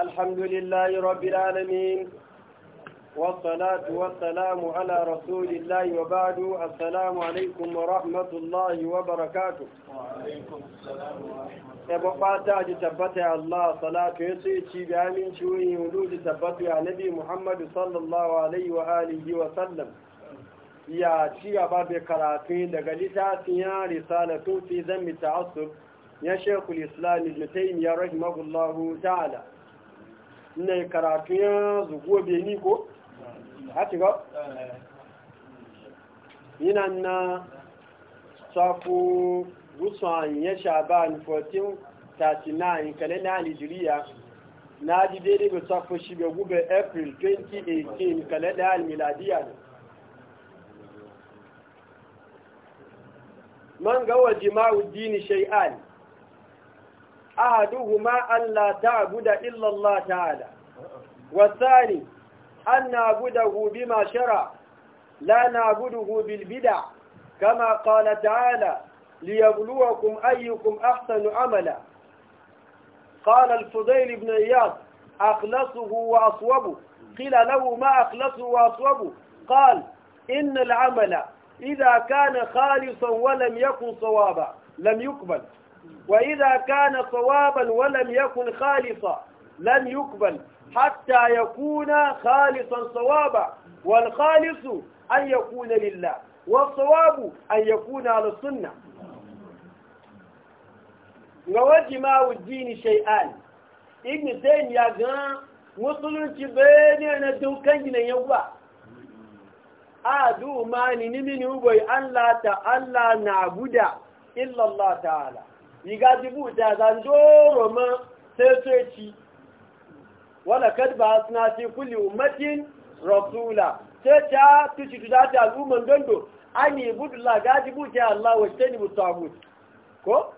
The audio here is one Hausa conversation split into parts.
الحمد لله رب العالمين والصلاة والسلام على رسول الله وبعد السلام عليكم ورحمة الله وبركاته وعليكم السلام ورحمة الله وبركاته أبقى تبتع الله صلاة يسيتي بأمين شوي ولود تبتع نبي محمد صلى الله عليه وآله وسلم يا شيء باب كراتين دقلتا سيان رسالة في ذنب التعصب يا شيخ الإسلام ابن تيمية رحمه الله تعالى ne karatu ya obi ni ko hati ga yana na safu rusan ya shaban 1439 kalenda nigeria na ji daidai ga safu shi ga gube april 2018 kalenda almiladiya ne man gawa jima'u dini shai'ani أحدهما أن لا تعبد إلا الله تعالى والثاني أن نعبده بما شرع لا نعبده بالبدع كما قال تعالى ليبلوكم أيكم أحسن عملا قال الفضيل بن إياد أخلصه وأصوبه قيل له ما أخلصه وأصوبه قال إن العمل إذا كان خالصا ولم يكن صوابا لم يقبل وإذا كان صوابا ولم يكن خالصا لم يقبل حتى يكون خالصا صوابا والخالص أن يكون لله والصواب أن يكون على السنة ما الدين شيئان ابن الدين يا musulunci bayani na أنا gina yawa a duma ni nini ni ubai نعبد إلا الله تعالى iga dubu ta zandoro ma sai soci wala kad ba suna fi kulli ummatin rasula sai ta tuci ta al'umman dondo an yi budula ga dubu ta Allah wa ta ni ko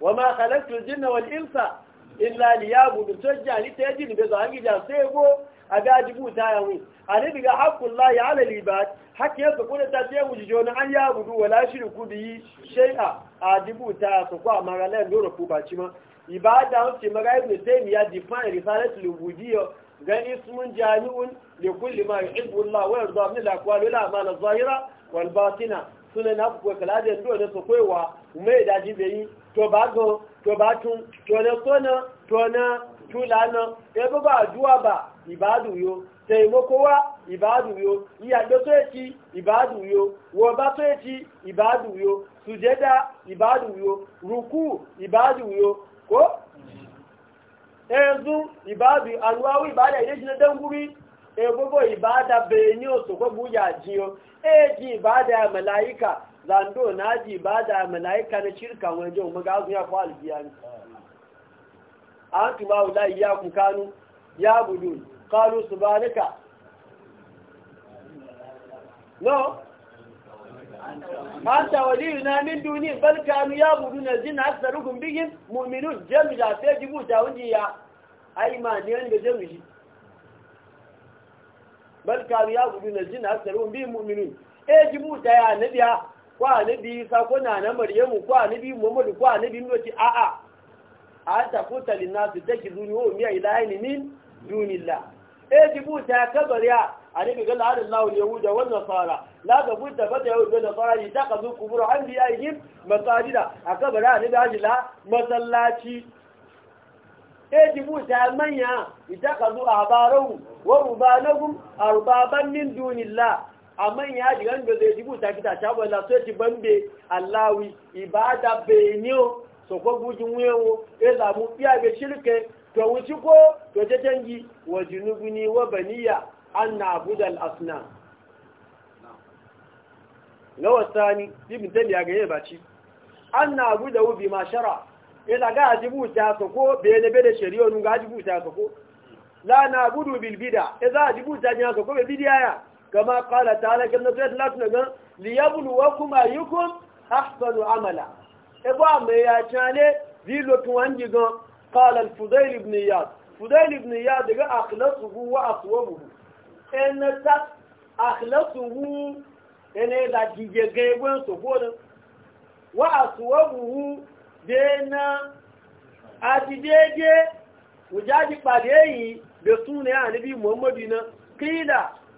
wa ma khalaqtul jinna wal insa illa liyabudu sajja ni ta jini be zangi ja sai go a ga jibu ta yawi a ne biga layi ala libat ya sako da tafiye wujijo na an ya gudu wala shiri kudi biyi shai'a a dubu ta sako kwa maralayan dora ku ba ci ma ibada wuce maga ibn ya define risalat lubudiyya ga ismun jami'un li kulli ma yuhibbu Allah wa yarda min al-aqwal wal a'mal adh-dhahira wal batina sunan abu ko kalaje ndo ne so koywa mai daji be yi to ba go to ba tun to ne sona to na tulana e ba ba duwa ba ibadu yo taimako wa ibadu yo iyagbe tó eki ibadu yo wọba tó eki ibadu yo sujeda ibadu yo ruku ibadu yo ko ezu ibadu anuwawu ibada ile jine danguri egbogbo ibada benin osokwe buya jiyo eji ibada malaika zando na ji ibada malaika na shirka wajen magazu ya fa albiya ne an tuba wula iya kanu ya budu قالوا سبحانك لا ما انت ولينا من دوني بل كانوا يعبدون الجن اكثرهم بهم مؤمنون جمجا فيجبوا تاونجي يا أيمان يعني بجمجي بل كانوا يعبدون الجن اكثرهم بهم مؤمنون ejibu ta ya nabiya نبي annabi Isa ko nana Maryamu ko annabi Muhammadu ko annabi Nuhu a a a ta kuta linnasu take duniyo miya ilahi min dunillah e jibuta kabariya annabi ga la'an Allah yahuda wa nasara la ga budda fata yahuda wa nasara ni ta kazu kubur an masajida a kabara annabi ajila masallaci e eh, jibuta manya ita kazu abaru wa rubanahum arbaban min dunillah amma ya ji ran da zai jibuta kita ta wala sai ti bambe Allahi ibada benyo so ko bujin wewo e zamu be shirke ka wuci ko to ce tangi wa junubuni wa baniya an na abudal asna na ni ibn tabi ya ganye ci an na abuda wubi ma shara Ina ga ajibu ta sako bene bene shari'onu ga ajibu ta sako la na abudu bilbida bida idza ajibu ta nya sako be bidiya ya kama ta qala ta'ala kana gan liyabulu wa kuma yukun ahsanu amala ebo mai ya chale zilo tuwanji gan قال الفضيل بن اياد فضيل بن اياد قال اخلصه واصوبه ان تا اخلصه ان لا جيجي وين سوبون واصوبه دينا اجيجي وجاجي قادي بسونه النبي محمد قيل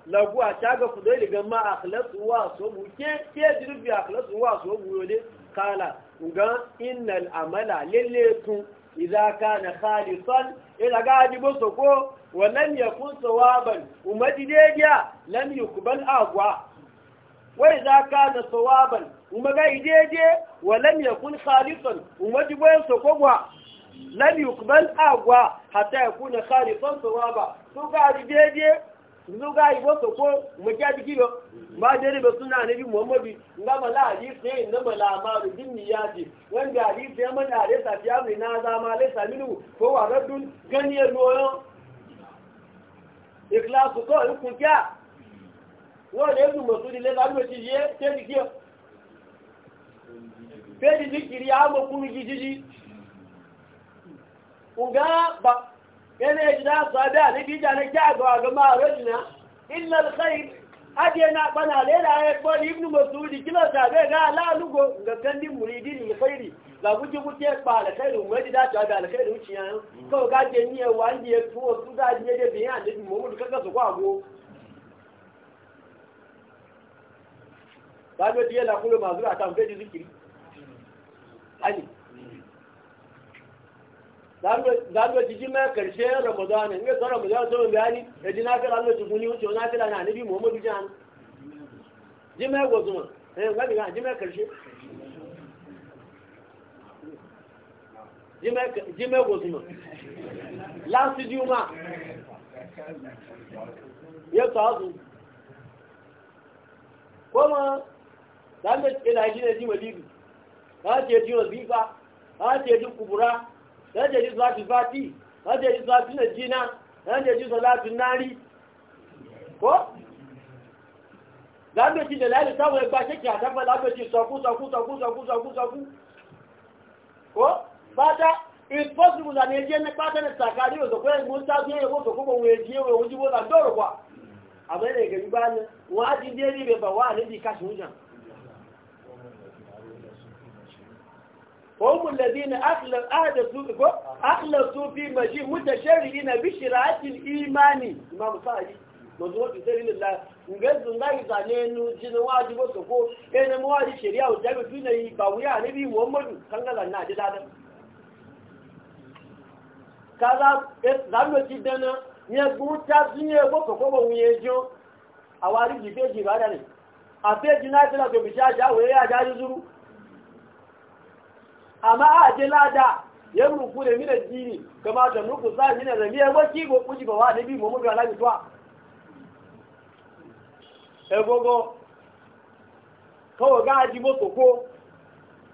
lagu a caga fudai daga ma a kalasu wa so bu ke ke jirbi a kalasu wa so bu yole kala ga innal amala lalle tun idza kana khalisan ila ga ji bo soko wa lam yakun sawaban umati dedia lam yukbal agwa wa idza kana sawaban umaga ideje wa lam yakun khalisan umati bo soko gwa lam yukbal agwa hatta yakuna khalisan sawaba to ga ji dedia yanzu ga yi a jiki ba ba da riba suna nabi muhammadu ya mana mai na zama lai saminu ko wa yana yi da su a nabi jana jago a gama a rajina illal khair aje na bana lela ya kwari ibn kila ta ga ga lalugo ga kandi muridi ni khairi la guji guti ya ba la khairu da ta ga la khairu wuci yan ko ga je ni wa ndi ya tuwo su da je da biya da mu mu za mu ji mai karshe ramadana in ga ramadana to bayani da ji na fi ranar tukuni wuce na fi ranar annabi muhammadu jihan ji mai gozuma eh ga ga ji mai karshe ji mai gozuma last juma ya tazu kuma za mu ji da ji madidi za ta ji wazifa za ce ji kubura wọ́n jẹ́ jíṣọ́ láti fàtí wọ́n jẹ́ jíṣọ́ láti nàìjíríà wọ́n jẹ́ jíṣọ́ láti nárí kó lágbèjì lè láìlú táwọn ẹgbà ṣékì àtàfẹ́ lágbèjì sọkú sọkú sọkú sọkú sọkú sọkú kó pátá impossible la nìyẹn ní pátá ní sàkárí òsòkú ẹgbẹ́ ń sáájú ẹgbẹ́ òsòkú kò wọ́n èjì ẹwẹ́ òun jíwó là dọ́rọ̀ wà àmẹ́rẹ̀ ìgbẹ̀gbẹ̀ bá ní wọ́n á ti dé rí ibẹ̀ bà wà níbi káṣíwújàn هم الذين أخلصوا في مجيء متشرعين بشراعة الإيمان إمام صاحي da su ko ɗaya na mawaji shari'a wajen jami a amma a je da ya ruku da mina jini kama da ruku sa mina da miya waki go kuji ba wa da bi mu ga lami twa e gogo ko ga ji mo ko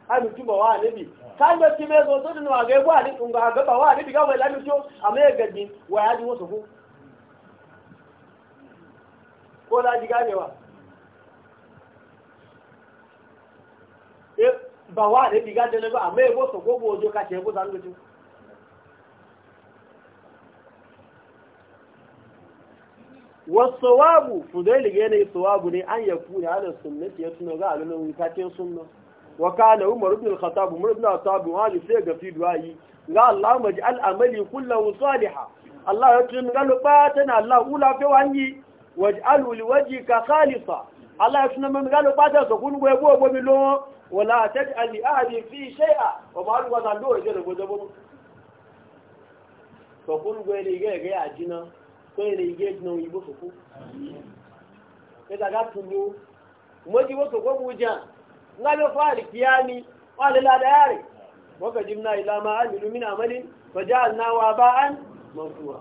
a mi ba wa da bi kan da ti me go to da wa ga wa ni kun ga ga ba wa da bi ga wa lami twa amma ya gaji wa ya ji mo ko ko da ji ganewa eh, ba wa da biga da ba amma yabo so gogo ojo ka ce yabo zan gudu wasawabu fudaili gane sawabu ne an ya kuna ala sunnati ya tuno ga alunan wutakin sunna wa kana umar ibn al-khattab umar ibn al-khattab wa ali sai ga fi duayi ga Allah maji al-amali kullahu salihah Allah ya tun ga lu batana Allah ula fi wangi waj'alu li wajhika khalisa Allah ya tun ga lu batana so kun go yebo bo mi lo wala taj'al ali ahadin fi shay'a wa ma ruwa zan do je rugo zabo to kun go ile ge ga ajina ko ile ge ajina yi bo ku ke daga tunu ji wo ko muja ngalo fali kiyani wala la mo waka jimna ila ma amilu min amalin fajalna wa ba'an mansura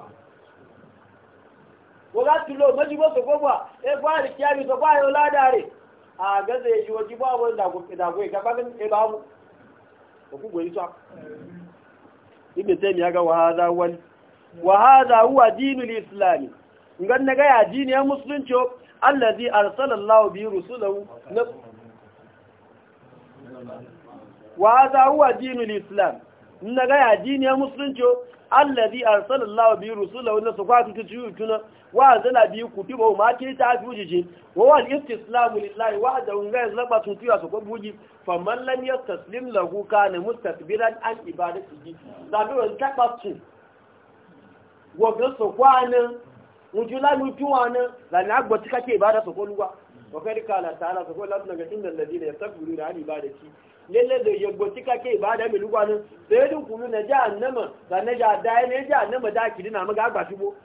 wala tulo ji wo ko gwa e fali kiyani to ba yo la dare a gaza ya ji waje ba wani dagwai gaba ganin ɗaya eh, babu ba ku gwani sa ibn taimi ya ga wahaza wani wahaza huwa dinul islami ngan na gaya diniyar musulunci allazi arsalallahu bi rusulahu na wahaza huwa dinul islam na gaya diniyar musulunci allazi arsalallahu bi rusulahu wa su tujuna ta tuna wa anzala bi kutuba ma ke ta fujiji wa wal istislamu lillahi wa hada unga zaba tun tuya su kwabuji fa man lam yastaslim lahu kana mustakbiran an ibadatihi da do ta tu wa ga so kwana mujula mutuwana da na gbati ke ibada ko luwa wa kai kala ta'ala su kwaluwa ga inda allazina yastakbiruna an ibadatihi lalle da yaggo tika ke ibada mi lugwanin sai dun kulu na jahannama sannan ja da ne annama da ki dina maga gba shibo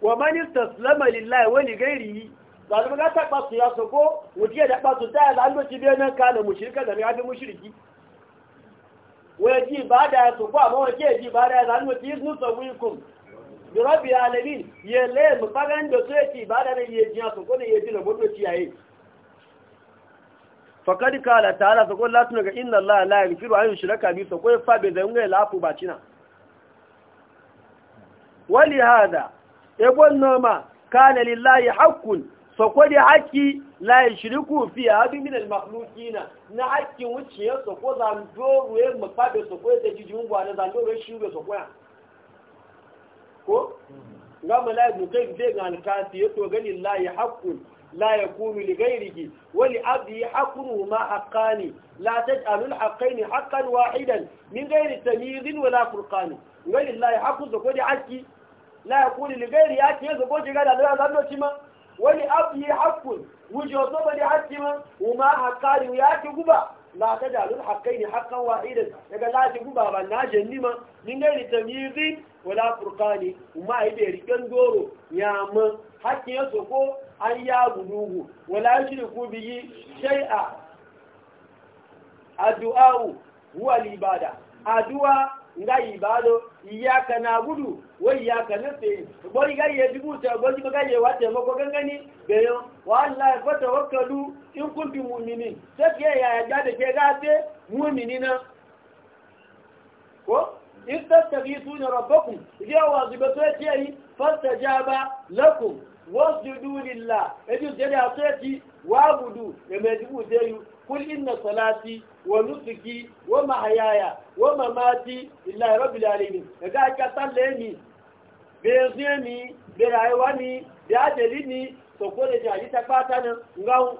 wa man istaslama lillahi wa li ghairihi ba da ga ta basu ya so ko ya da basu ta da an doci bayan kana mushrika da ya fi mushriki wa ji ibada ya so ko amma wa ke ji ibada ya zanu ti wi kum bi rabbi alamin yele mu pagan da so ya ci ibada ne ya ji so ko ne ya ji na bodo ci yayi fakadi kala ta'ala sako latin ga inna Allah la yaghfiru an yushraka bi sako fa be da ngai lafu bacina wali hada e gonnoma na lillahi haqqun sako di haki la yushriku fi hadi min al makhluqina na hakkin wuce ya sako zan doro e mu fa be sako da jijin gwa na zan doro shi be sako ya ko hmm. ga malaiku kai zai ga alkafi to ga lillahi haqqun لا يكون لغيره ولعبده حقه ما حقان لا تجعل الحقين حقا واحدا من غير تمييز ولا فرقان ولله حق زكوة عكي لا يكون لغيره عكي زكوة قال الله زمنا شما ولعبده حق وجه صبر عكي وما حقان وياكي قبا لا تجعل الحقين حقا واحدا يقول لا تجعل تقبا بنا جنما من غير تمييز ولا فرقان وما هي بيريكا دورو يا من حكي يسوكو an ya bulugu wala shirku bihi shay'a addu'a'u huwa libada addu'a nga ibado iyaka na gudu wa iyaka na tsaye gbori gari ya dubu ta gbori ba gari wa taimako gangani da yau wa Allah ya fata wakalu in kun bi mumini sai ke yaya ja da ke gafe mumini na ko in tattabi suna rabbakum ya zuba sai ce yi fasta jaba lakum wasjudu lillah eji jere aseti wabudu ya mejibu zeyu kul inna salati wa nusuki wa mahayaya wa mamati lillahi rabbil alamin daga aka talle ni be zuye ni be rayuwa ni be ajali ni to ko da jaji ta fata nan ngau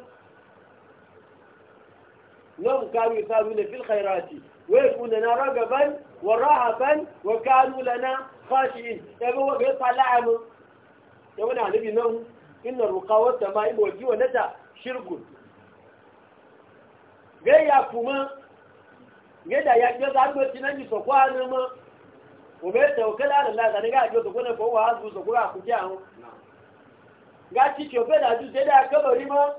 nam kanu sabuna fil khairati wa yakuna na ragaban wa rahaban wa kanu lana khashiin daga wa be sala'amu ya wani annabi nan inna rukawar ta ma imo jiwa na ta shirgun gaya kuma yadda ya ƙi zaɓi cinan ji sokwa ne ma ome taukala da lada ne ga ƙi sokwa na kowa hazu sokwa a kuke ahun ga ci cofe da ju sai da kabari ma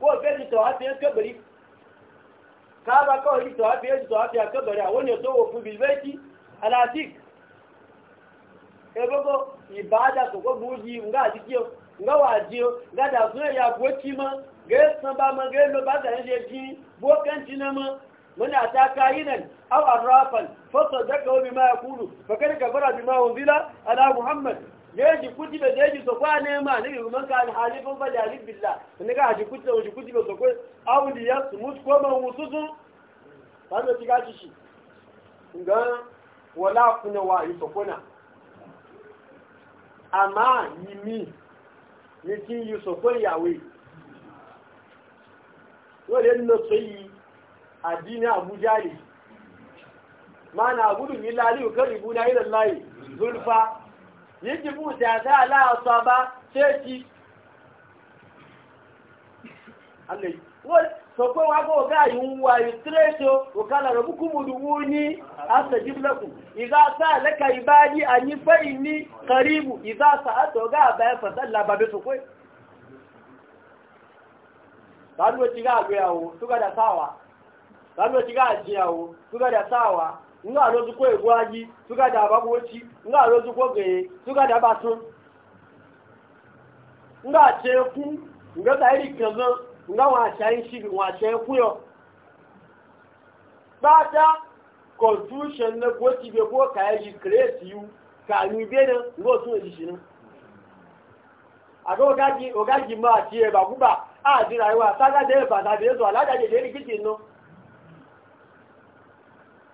ko fe ji tawafiyar kabari ka ba kawai ji tawafiyar ji tawafiyar kabari a wani ya so wa fi ci alatik ebogo ibada soko buji nga ajikio nga wajio nga dazwe ya gochima ge samba ma ge lo bada je ji bo kantina ma من أتاك عينا أو عرافا فصدقه بما يقول فكان كفر بما أنزل على محمد yaji kuti da yaji so kwa ne ma ne kuma ka fa da billah ne ka haji kuti da haji kuti da so ko ya sumut ko ma mutuzu ba ne tiga shi ga wala kuna wa yi so kuna àmá yìí ní tí yìí sọ pé ìyàwó wọ́n lè lọ pé yìí àdínà àbújá rẹ̀ máa na àbúrù ní láàrí òkèrè ìbú náà ilẹ̀ láì zulfa yìí ti fún ìtẹ̀ àtà aláàtọ̀ àbá ṣéèkì sọ̀pẹ́ wa bọ̀ ọ̀gá yìí ń wa ìtírẹ́ṣọ́ òkàlà rẹ̀ a mú ìwú ní asẹ̀jìbìlẹ̀kù ìzá sá karibu ìzá sá àtọ̀ ọ̀gá àbá ẹ̀fẹ̀sẹ̀ làbàbẹ̀ sọ̀pẹ́ báwo ti gá àgbéyàwó túgádà sáwà báwo ti gá àjíyàwó túgádà sáwà ńlá àlójúkó ègbó nga wọn àṣàyìn ṣìbì wọn àṣàyìn fúyọ pátá confusion na kó ti bẹ kó kàá yìí kírèsì yìí kàánú ibé na ngó tún èyí ṣì náà àti ọgájì ọgájì mọ àti ẹ̀bà kúbà àdìrà ìwà ságájẹ ẹ̀bà tàbí ètò alájáde lérí kìtì náà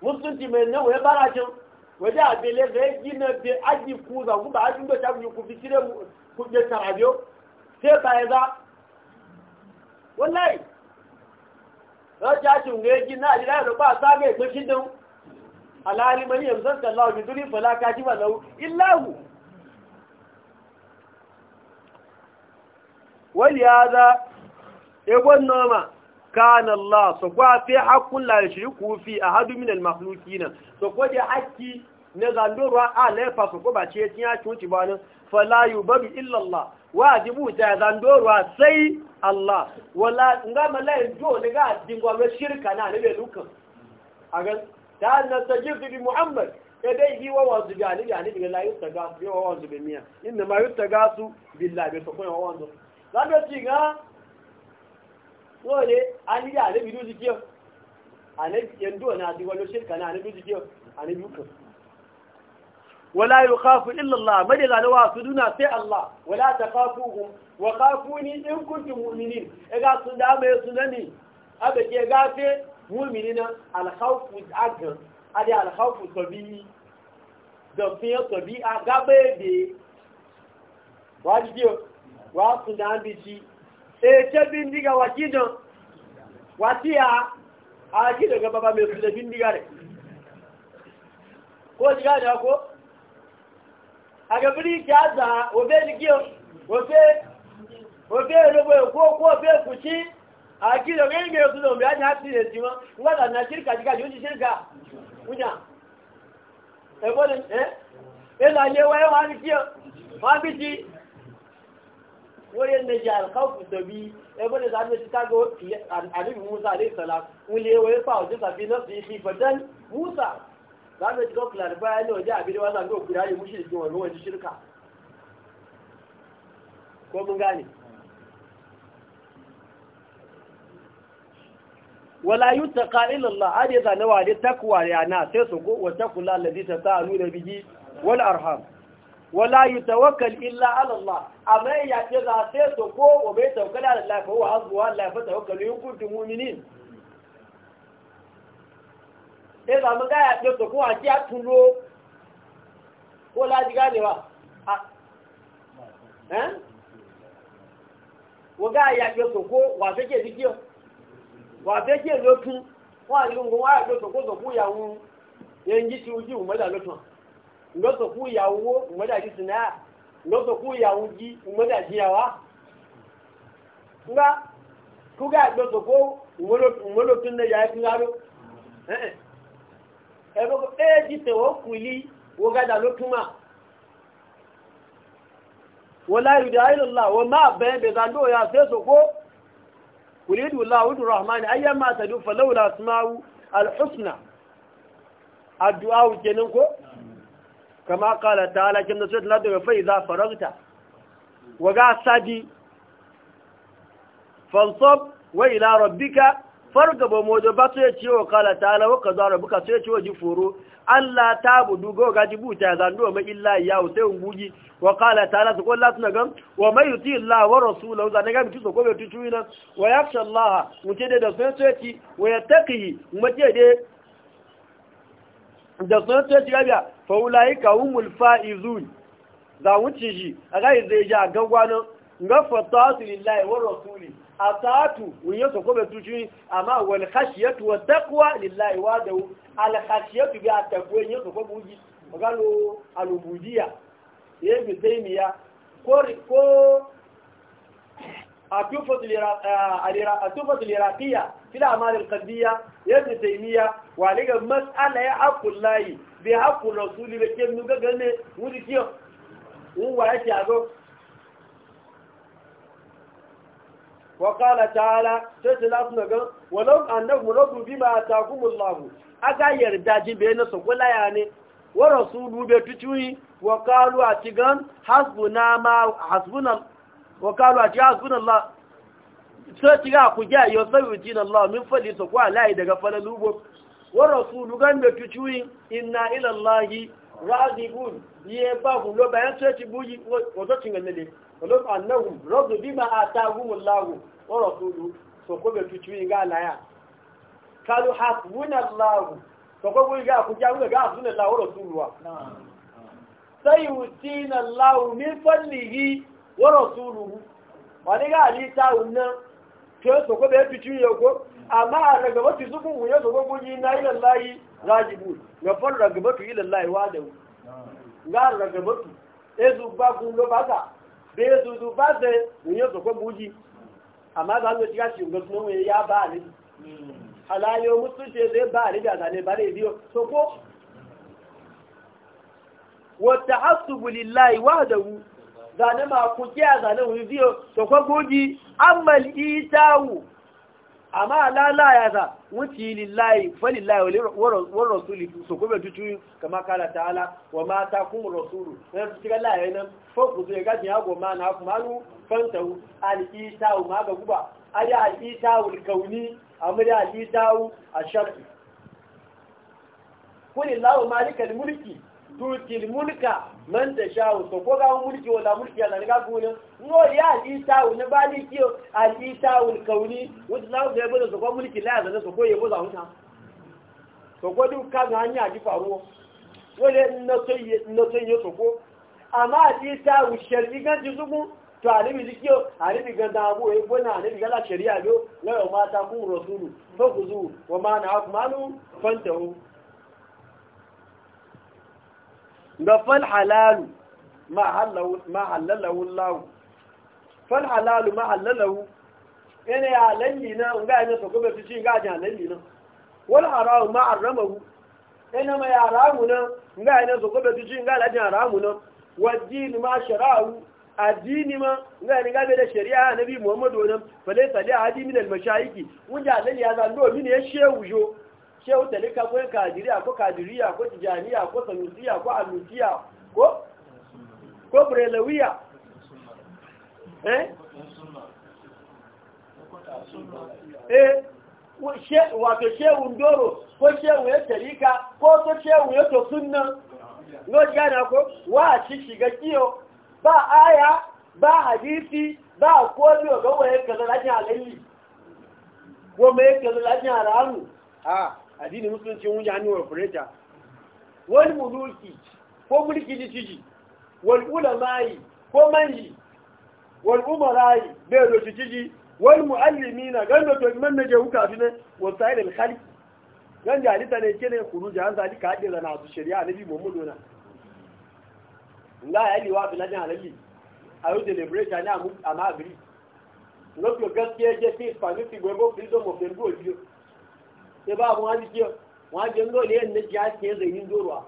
musulun ti mẹ náà wọ́n bára jẹun wọ́n jẹ́ àbẹ̀lẹ̀ rẹ̀ jìnnà bẹ ájì kú ọgbà kúbà ń gbé sábà yìí kú fi sílẹ̀ kú gbé sàràbíó ṣé bàyẹ̀ wallahi lọ́jà ṣe ń rẹ́gí náà ìlà ìrọ̀pá sáàgbé ìpín ṣídún aláàrímọ̀ ní ẹ̀mùsọ́sọ̀lá òjìdúrí ìfọ̀lá kájíwà lọ́wọ́ ìláwù wọ́n yá za egbon noma kan Allah so kwa da ne a lefa ko ba ce ba fala yubaru illa Allah wajibu ta zandorwa sai Allah wala nga malayin jo ne ga dingwa me shirka na ne be lukan aga ta na tajid bi Muhammad dai yi wa wazu ga ni ga ni daga la yutaga su wa wazu be miya inna ma yutaga su billahi be sokon wa wazu zanda ci ga wole ani ga ne bi duji kiyo ane yendo na dingwa lo shirka na ne duji kiyo ane lukan wala yi kafu illallah mai wa su duna sai Allah wala ta kafu hun wa kafu in kunti mu'minin ya ga su mai su nani a da ke gafe mu'minina alhaufu agan a da alhaufu tabi'i da fiye tabi'a gaba ya be wa jiki wa su e ce bindiga wa kidan wa tiya a kidan gaba ba mai su bindiga ne ko jiga ne ko àgbẹ̀bìrì ìjà àgbà òfé ìlúgí òfé ìlúgbò èkó òkú òfé èkùsí àkílò rí ìgbèrè òtún lòmí àti àti èsì wọn wọ́n tàbí náà ṣíríkà jíkà yóò ti ṣíríkà wúnyà ẹgbọ́n ẹ́ ẹlà ilé wáyé wọ́n bí kí wọ́n bí ti wọ́n yẹ nẹ́jì àlùkáwùkù tọ̀bí ẹgbọ́n ẹ̀sà àti chicago àdébì musa àdébì sọ̀la wọ́n lé fi fi musa za mu shiga clarify ne waje abin wa zan ku yayi mushi cikin wannan wani shirka ko mun gane wala yutaqa illa Allah ade za na wade takwa ya na sai su go wa takula alladhi tasalu da bihi wal arham wala yutawakkal illa ala Allah amma ya ce za sai su go wa bai tawakkala ala Allah fa huwa hasbu Allah fa tawakkalu in kuntum mu'minin ẹgbà mọ́ gáyà pé kòkó àti àtúnlò kó láti gáyà wà wọ́n gáyà pé kòkó wà fẹ́kẹ̀ sí kíọ̀ wà fẹ́kẹ̀ lókún wọ́n àti gbogbo wọ́n àti kòkó sọ̀kú ìyàwó yẹnjí ti ojú ìmọ́dà lókun lọ́sọ̀kú ìyàwó ìmọ́dà ti sìn náà lọ́sọ̀kú ìyàwó jí ìmọ́dà ti yà wá nga kúgà lọ́sọ̀kú ìmọ́lókun náà yà á fi ń rárá ẹgbẹ́ kò ẹ́ jí tẹ̀wọ́ kùlí wọ́n gádà ló túnmà wọ́n láyé ìdá wọ́n máa bẹ̀ẹ́ bẹ̀ẹ́ zandó ya sẹ́sọ̀ kó kùlí ìdúlá wùdú rahmani ayyá máa tẹ̀dú fọlọ́wùlá sumawu alhusna addu'a kenan farga ba mojo ba su ya ciwo kala ta ala waka zuwa rabuka su ya ciwo ji foro Allah ta budu ga ga ji buta zan do ma illa ya sai unguji wa kala ta ala su ko la suna gam wa mai yuti Allah wa rasulahu zan ga mutu so ko bai tutu ina wa yaksha Allah mutu da sun sai ci wa yattaqi mutu da da sun sai ci gabiya fa ulaika humul faizun za wuce shi a ga zai ja gagwano ga fatatu lillahi wa rasulihi atatu wiyo so kobe tuchi ama wal khashiyatu wa taqwa lillahi wadahu al khashiyatu bi atakwe nyo so kobe uji magalo alubudia yebi zaimiya ko ko atufat al-iraqiyya fi al-a'mal al-qalbiyya yadda taymiya wa liga mas'ala ya aqullahi bi haqqi rasuli bi kin nuga gane wuri kiyo wa yake ago wakala ta'ala sai lafi na gan walau annabu rabu bi ma ta kuma lafi yarda ji bai ya ne wa rasu dube tucuyi wakalu a ci gan a ci hasbuna la sai ci ga ku ga yau sai wuce na la min fadi sa kuwa layi daga fana lubo wa rasu dugan da tucuyi inna ilallahi ba kun bayan sai ci buji wato cin ganin ولو أنهم رضوا بما آتاهم الله ورسوله سوكوبة تشوي قال يا قالوا حسبنا الله سوكوبة يقول كجاونا حسبنا الله ورسوله سيؤتينا الله من فضله ورسوله wani ga alita wannan ke sokobe ya fi ciye ko amma a ragabatu zukun yi na kun bai zuzu ba ze yin su kwan buji amma za su shiga shi ga sunan wani ya ba ne hmm. halayo musulce zai ba ne da zane ba ne biyo so ko wata hasubu lillahi wahdahu zane ma ku kiya zane wani biyo so kwan buji ammal itawu amma lala ya sa wuce lillahi falillahi wa rasuli su kuma tutu kama kala ta'ala wa ma ta kuma rasulu sai su cika laye nan fokus ya ga ya ma na kuma hannu fantahu al'itawu ma ga guba al da al'itawu kauni a mu da al'itawu a shafi kulillahu malikal mulki tutil mulka man da shawo to ko ga mulki wala mulki ala ga gune no ya ji tawo ne ba ni kiyo a ji tawo kauni wanda na ga bada so ko mulki la da so ko yebo za huta to ko duk ka ga hanya ji faruwa wale na sai na sai yo so ko amma ji tawo sharri ga ji zugun to a zikiyo ga da abu e bona ga la sharia do wa mata ku rasulu ku kuzu wa ma na akmalu fantahu ga falhalalu ma'allalahu lahu falhalalu ma'allalahu yana ya halalli na ga yana sako bai fi shi ga ajin halalli na wal haramu ma'arramahu ina ma ya haramu na nga yana sako bai fi shi ga ajin haramu na wajini ma shara'u addini ma ga ni gabe da shari'a na nabi muhammadu nan fa laysa li ahadi min al mashayiki wanda halalli ya zan do ya shehu jo shehu talika ko kadiriya ko kadiriya ko tijaniya ko sanusiya ko alusiya ko ko brelawiya eh eh wato shehun doro ko shehun ya tarika ko to shehun ya to sunna no gana ko wa shi shiga kiyo ba aya ba hadisi ba ko komi ga waye kaza lajin alalli ko mai kaza lajin haramu ah. addinin musulunci wunja hannuwar fureta wani muluki ko mulki ji ciji wal ulamayi ko manji wal rayi, bai da ciji wal muallimina ganda to man na je huka fi ne wa sa'id al khaliq ganda halitta ne kene kuru jahan ka haɗe rana su shari'a nabi muhammadu na Allah ya liwa biladin halalli a yau deliberate ne a ma agree. Lokacin gaskiya je fi spanish gwebo freedom of the world sai ba mu wani kiyo wani dole yan na jiya ke zainin doruwa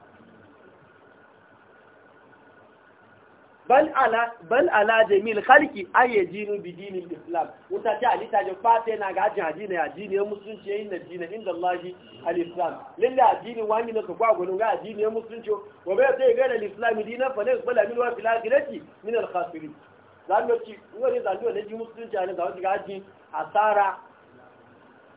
bal ala bal ala jamil khalqi ay yadinu bi dinin islam wuta ta ali ta jafa ta na ga jaji ne addini ya musulunci yayin da jina inda Allah al islam lilla addini wani ne ka gwa gwanin ga addini ya musulunci wa bai sai ga da islam dinan fa ne bala min wa fil akhirati min al khasirin zan ci ngore zan do ne musulunci a ne zan ga addini asara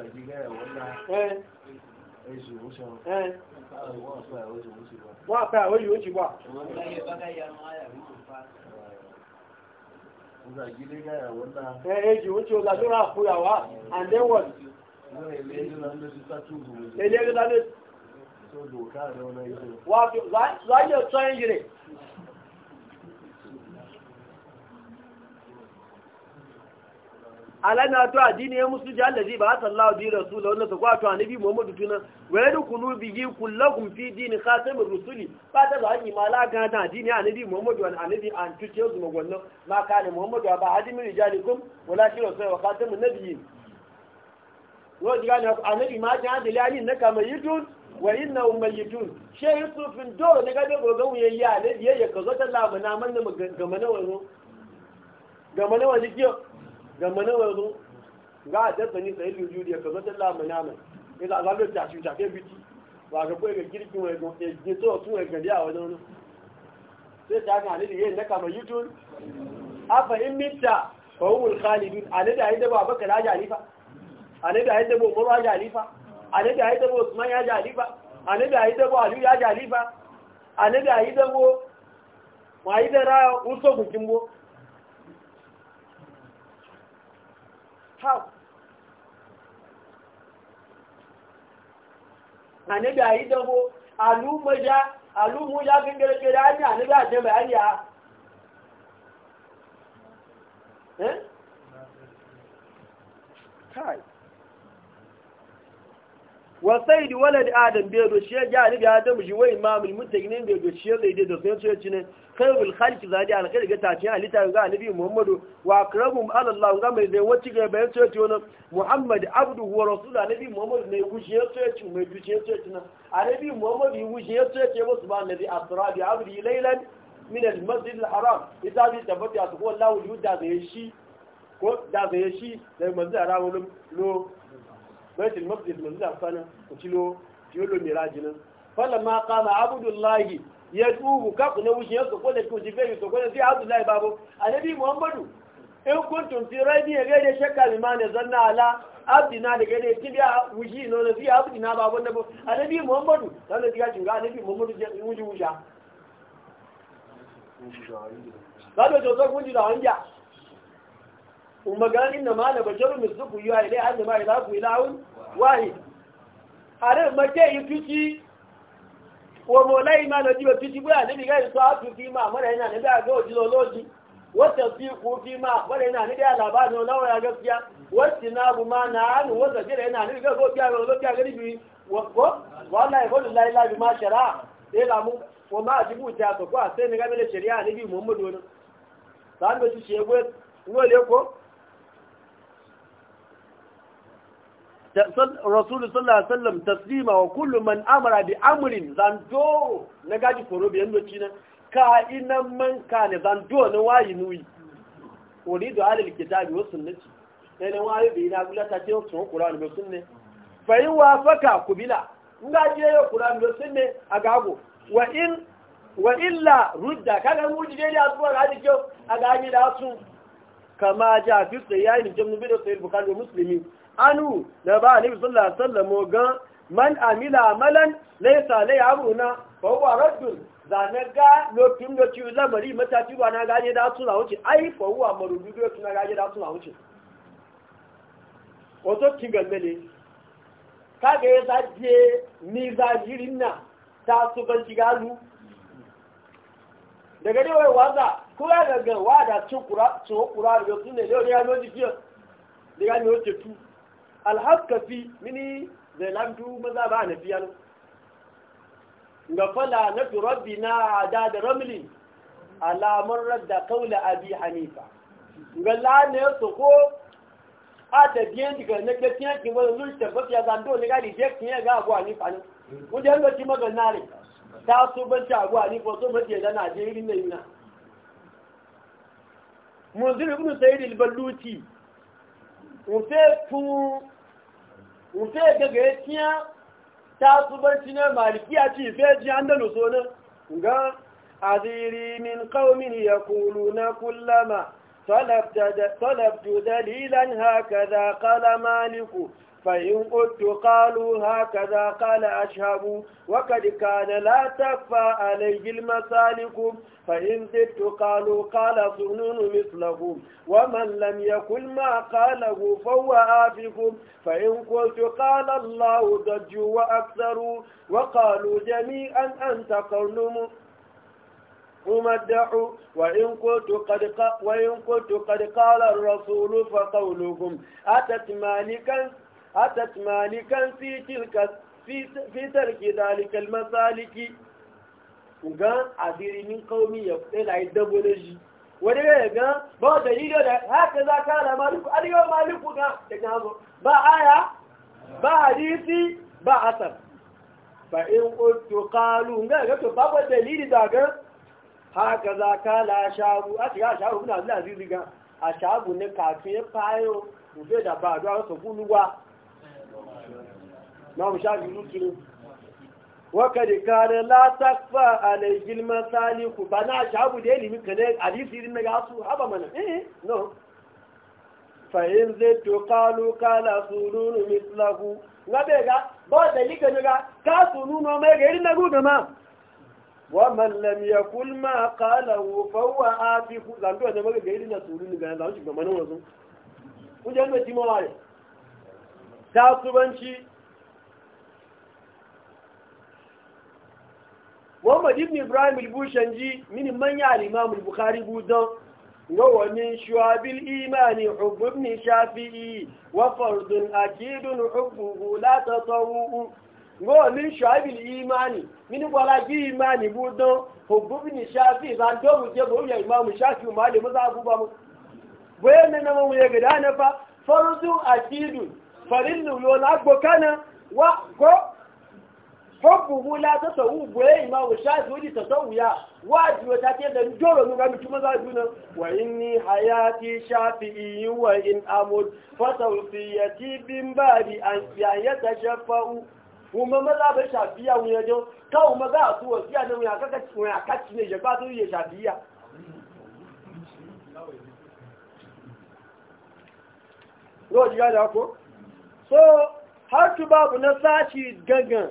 wọ́n àpẹ́ àwọn yóò ti wà. Ẹ̀ẹ́jì ó ti ọ̀làdúrà àpúyàwá and then what? Ẹ̀lẹ́gbẹ̀lẹ́gbẹ̀. Wọ́n á fi láyé alana to addini ya musu ji allazi ba sallahu bi rasul wannan ta to annabi muhammadu tuna wa yadkhulu bihi kullakum fi dini khatamir rusuli ba ta yi malaka ta addini annabi muhammad wa annabi an tuce su magwanno ma kana muhammadu ba hadimin rijalikum wala shi rasul wa khatamun nabiyyin wa diga ne annabi ma ta lani na kama yidun wa inna ummayitun shay yusufin do ne ga go go ya ya ne ya ka zo ta lamana man ga mana wani ga mana wani kiyo ga mana wanzu ga a jasa ni sai lujiyu da kaza ta lamu naman ya za a zaɓe ta shi ta ke biki ba ga kawai ga girki mai gajin tsawo sun wai gari a wajen wani sai ta haka halittu yin na kama yutun afa a fahimta fahimul khalidun a ne da haida ba baka na jalifa a ne da haida ba umaru ya jalifa a ne da haida ba usman ya jalifa a ne da haida ba aliyu ya jalifa a ne da haida ba ma haida ra uso gukin bo how annabi ayi dabo alumaja alumuja gangare ke da hanyar annabi a jami'a hanyar eh kai wasaidi walad adam bai shi ya ji annabi adam shi wa imamul mutakin bai doshi ya zai da sun ce ne khairul khalqi zadi alkhair ga tace ali ta ga annabi muhammadu wa akrabum ala allah ga mai zai wacce ga bayan sai tuno muhammad abduhu wa rasul annabi muhammadu mai wuce ya sai ci mai wuce ya sai ci na annabi muhammadu ya wuce ya sai ce ba annabi asra bi abdi laylan min al masjid al haram idza bi tabati asu wallahu yudda zai shi ko da zai shi da manzo haramu lo baitul maqdis manzo afana ko ci lo mirajin lo mirajinan falamma qama abdullahi ya tubu kaku na wuce ya soko da kuji bai soko da sai abdullahi babu annabi muhammadu in kuntum fi raibin ya gaida shakka limani zanna ala abdina da gaida kin ya wuji no na fi abdina babu na bu annabi muhammadu sannan ya kinga annabi muhammadu ya wuji wuja kada to zo kunji da hanja umma gani inna ma la basharu misluku yuha ilai annama ilaku ilahun wahid are makke yi fici wọ́n mọ̀ lẹ́yìn máa lọ jíbẹ̀ títí pé àníbi gẹ́gẹ́ sọ áàtù fi máa mọ́rẹ̀ iná níbi àgọ́ òjìlọ lóòjì wọ́n tẹ̀ sí fi máa mọ́rẹ̀ iná níbi àlàbà ní ya gẹ́fíà wọ́n sì náà bù máa nà ánù wọ́n tẹ̀ sílẹ̀ iná níbi gẹ́gẹ́ òbí àwọn olóbí àgẹ́rì bí wọ́pọ̀ wọ́n láì fọ́lù láì láì máa ṣẹ̀rá ìlàmú wọ́n máa jíbù ti àtọ̀kọ́ àṣẹ́ ní rasulu sallallahu alaihi wasallam taslima wa kullu man amara bi amrin zanto na gaji koro biyan doci nan ka ina man ka ne zanto na wayi nuyi uridu alal kitabi wa sunnati sai na wayi bi na gula ta ce sun qur'ani ba ne? fa in wafaka kubila in ga je yo qur'ani ba sunne agago wa in wa illa rudda kaga mu ji dai a tsuwar hadi kyau a gani da su kama ja fi tsayayin jami'in da sayar bukari muslimin anu na ba ni sallallahu alaihi wasallam ga man amila amalan laysa la yabuna fa huwa raddun zanaga lokin da ci lamari mataci ba na gaje da su na wuce ai fa huwa marudu da su na gaje da su na wuce wato kingal mele ga ya zaje ni jirin na ta su ban lu daga dai wai waza ko ya gaga wa da cin kura cin kura da su ne da ya noji fiye da ya noji tu alhaskafi mini zai lantu maza ba na fiya ga fala na turabbi na ada da ramli alamun radda kaula abi hanifa ga lana su ko a tafiye daga na gaskiyar kimar zuci tabbata ya zando ne gadi je kiyar ga abuwa nifa ne wajen hangaci magana ne ta so banci abuwa nifa so mace da na je irin na mun munzir ibn sayyid al-balluti nfe fun nfe gaga ya tiya ta na malikiya ce fe ji an da luso na ga aziri min kaumin ya kulu na kullama talabtu dalilan haka za kala maliku فإن قلت قالوا هكذا قال أشهب وقد كان لا تفى عليه المسالك فإن زدت قالوا قال صنون مثله ومن لم يكن ما قاله فهو آفكم فإن قلت قال الله ضج وأكثر وقالوا جميعا أنت قول أمدح وإن قلت قد قا وإن قلت قد قال الرسول فقولهم أتت مالكا أتت مالكا في تلك في في ترك ذلك المسالك وقال عذير من قومي يبقى عدب ونجي wadda ga ba dalili da haka za ka na maliku aliyar maliku ga daga hazo ba aya ba hadisi ba asar fa in kuntu qalu ga ga to ba ba dalili da ga haka za ka la shabu a shiga shabu na azizi a shabu ne kafin fayo mu da ba da su guluwa ma mu sha biyu su wakari kare la takfa alayhil masaliku ba na shabu da ilimi kane hadisi irin na gasu haba mana eh no fa in zaitu qalu qala sununu mislahu ngabe ga ba da lika ne ga ka sununu mai ga irin na gudu ma wa man lam yakul ma qala fa huwa afiku zando da maga ga irin na sununu ga zan shi ga manan wazo kun je ne timawai ta subanci muhammad ibn ibrahim al-bushanji mini manya al-imam al-bukhari budan wa min shuabil imani hubb ibn shafi'i wa fardun akidun hubbuhu la tatawu wa min shuabil imani min wala bi imani budan hubb ibn shafi'i zan do mu je bo ya imam shafi'i ma le maza abu ba mu boyen na mu ya gida na fa fardun akidun farin nuyo na gbokana wa ko hubbuhu la tasawu boye imamu shafi wani tasawuya wajiyo ta ce da doro nuna mutum maza juna wa inni hayati shafi'i wa in amud fa tawfiyati bin bari an ya tashafa'u kuma maza bai shafiya wuya jo kawo maza a tuwa siya da wuya kaka wuya kaci ne jaba su yi shafiya Yau jiya ko? So, har babu na sashi gangan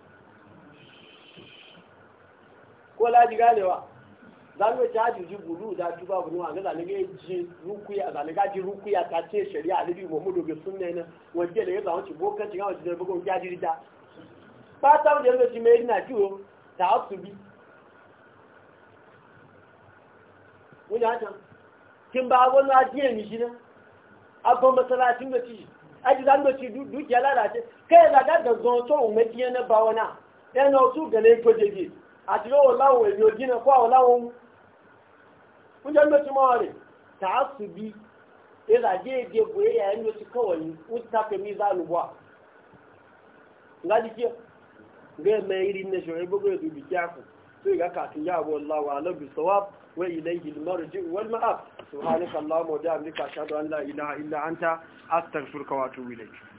ko laji ganewa za mu ta da tuba bulu a ga zalege ji ji ce shari'a alibi muhammadu bi sunna ne wanda da ya zama ci bokan ci gawa ci bugun ya ji da da yanzu ci mai na kiwo ta asubi wani hata kin ba wani ajiye n'i shi na abon masalacin da ci aji ci dukiya lalace kai zaga da zonto na bawana yana àti lọ́wọ́ láwọn èdè òjìnà fún àwọn láwọn ohun oúnjẹ mẹ́túmọ́ rẹ̀ tàá sì bí ìràjẹ́ èdè bò ẹ̀yà ẹni ó ti kọ̀wọ̀ yìí ó ti tàpẹ̀ mí zánu bọ́ à ńlájí kí bẹ́ẹ̀ mẹ́ irin ní ṣọ̀rẹ́ gbogbo èdè òbí kí a kù tó ìgbà kàtí yà láwọn alóbi sọwọ́ wẹ́ ilẹ̀ yìí lọ́rọ̀ jí wọ́n máa sùhánìkà láwọn ọdẹ àmì kàṣádọ́ ńlá